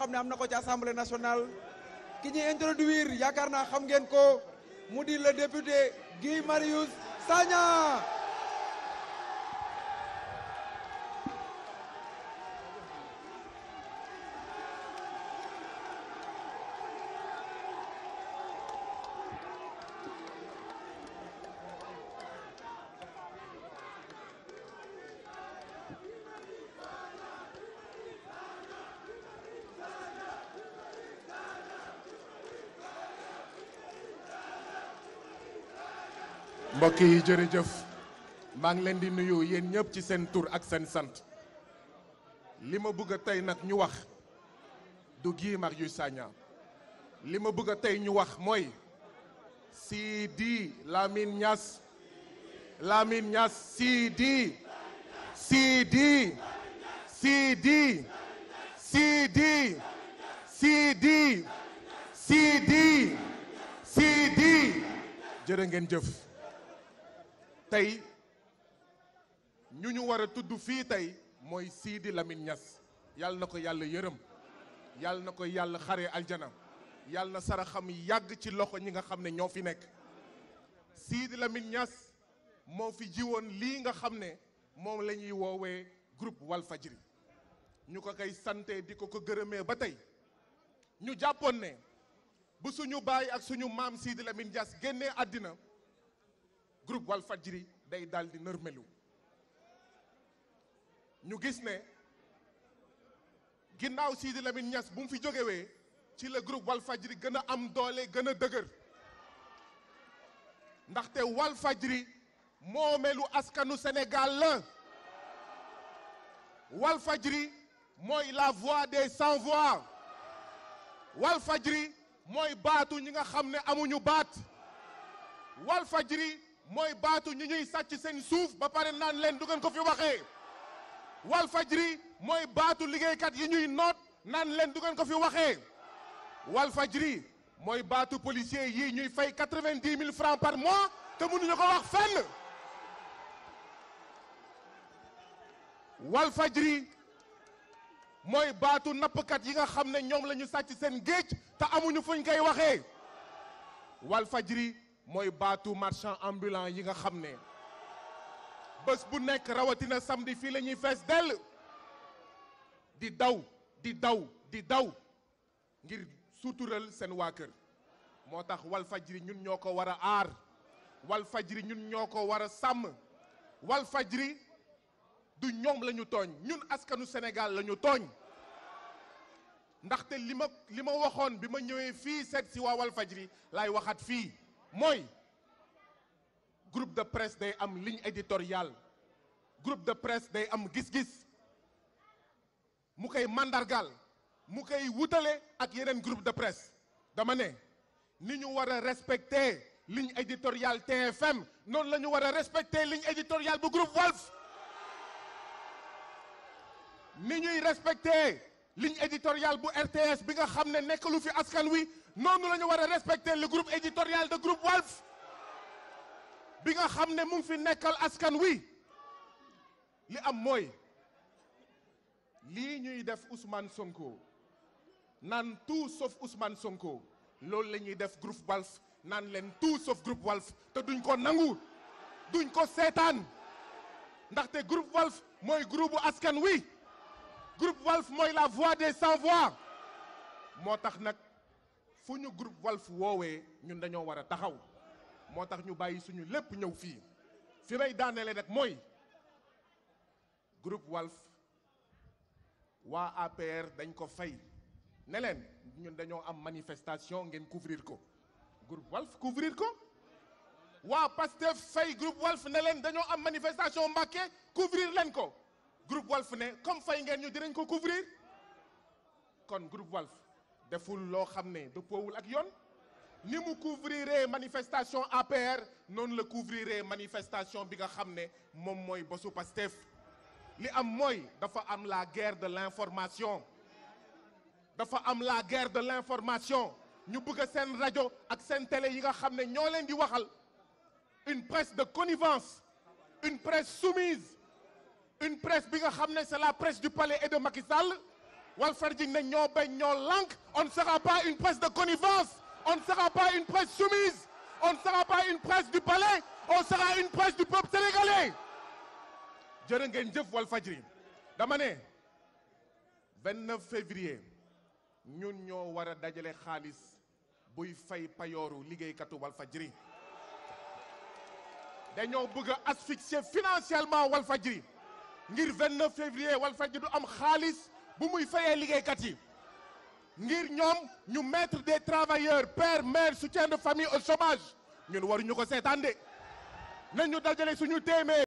xam ne am na ko ci assemblée nationale ki ñuy introduire yaakaar naa xam ngeen ko mu di le député Guy Marius Sagna mbokk yi jërëjëf maa ngi leen di nuyu yéen ñëpp ci seen tur ak seen sant li ma bëgg a tey nag ñu wax du Guy Marius Sagna li ma bëgg a tey ñu wax mooy Sidi Lamine Niass Lamine Niass Sidi Sidi Sidi Sidi Sidi Sidi Sidi ngeen jëf tey ñu ñu war a tudd fii tey mooy Sidi Lamine ñas yàlla na ko yàlla yërëm yàlla na ko yàlla xare aljana yàlla na saraxam yàgg ci loxo ñi nga xam ne ñoo fi nekk Sidi Lamine ñas moo fi jiwoon lii nga xam ne moom lañuy ñuy woowee groupe Walfadjri ñu ko koy sante di ko ko gërëmee ba tey ñu jàppoon ne bu suñu baay ak suñu maam Sidi Lamine Niass génnee àddina groupe Walfadjri day daal di nërmelu ñu gis ne ginnaaw Sidi Lamine Niass bu mu fi jógewee ci la groupe Walfadjri gën a am doole gën a dëgër ndaxte Walfadjri moomelu askanu Sénégal la Walfadjri mooy la voix des sans voix Walfadjri mooy baatu ñi nga xam ne amuñu baat Walfadjri mooy baatu ñu ñuy sàcc seen suuf ba pare naan leen du ngeen ko fi waxee Walfajri mooy baatu liggéeykat yi ñuy noot naan leen du ngeen ko fi waxee wal Walfajri mooy baatu policier yi ñuy fay quatre-vingt-dix mille francs par mois te mënuñu ko wax fenn Walfajri mooy baatu nappkat yi nga xam ne ñoom lañu sàcc seen géej te amuñu fuñ koy waxee Walfajri mooy baatu marchand ambulant yi nga xam ne bés bu nekk rawatina samedi fii lañuy fees dell di daw di daw di daw ngir sutural seen waa kër moo tax wal fajri ñun ñoo ko war a aar wal fajri ñun ñoo ko war a sàmm wal fajri du ñoom lañu tooñ ñun askanu Sénégal lañu tooñ ndaxte li ma li ma waxoon bi ma ñëwee fii seet si waa wal fajri laay waxaat fii mooy groupe de presse day am ligne éditoriale groupe de presse day am gis-gis mu koy mandargaal mu koy wutale ak yeneen groupe de presse dama ne ni ñu war a respecter ligne éditoriale TFM noonu la ñu war a respecter ligne éditoriale bu groupe Walf ni ñuy respecter ligne éditoriale bu RTS bi nga xam ne nekkalu fi askan wi noonu la ñu war a respecter le groupe éditorial de groupe Walf bi nga xam ne mu ngi fi nekkal askan wi li am mooy lii ñuy def Ousmane Sonko naan tout sof Ousmane Sonko loolu la ñuy def groupe Walf naan leen tout sauf groupe Walf te duñ ko nangu duñ ko seetaan ndaxte groupe Walf mooy groupe bu askan wi. groupe Walf mooy la voix des sans voix moo tax nag fu ñu groupe Walf woowee ñun dañoo war a taxaw moo tax ñu bàyyi suñu lépp ñëw fii fi may daanelee nag mooy groupe Walf waa APR dañ ko fay ne leen ñun dañoo am manifestation ngeen couvrir ko groupe Walf couvrir ko waa Pastef fay groupe Walf ne leen dañoo am manifestation Mbàkke couvrir leen ko groupe Walf ne comme fay ngeen ñu dinañ ko couvrir kon groupe Walf deful loo xam ne dëppoowul ak yoon ni mu couvriree manifestation APR noonu la couvriree manifestation bi nga xam ne moom mooy bosu Pastef li am mooy dafa am la guerre de l'information dafa am la guerre de l'information ñu bëgg seen rajo ak seen télé yi nga xam ne ñoo leen di waxal une presse de connivence une presse soumise une presse bi nga xam ne c'est la presse du palais et de Macky Sall Walfadjri ne ñoo bañ ñoo lànk on ne sera pas une presse de connivence on ne sera pas une presse soumise on ne sera pas une presse du palais on sera une presse du peuple sénégalais jërë ngeen jëf Walfadjri dama ne 29 février ñun ñoo war a dajale xaalis buy fay payooru liggéeykatu Walfadjri dañoo bëgg a asphyxier financièrement Walfadjri ngir 29 février Walfadjri du am xaalis bu muy fayee liggéeykat yi ngir ñoom ñu mettre des travailleurs père mère soutien de famille au chômage ñun waruñu ko seetaan de nañu dajale suñu téeméer.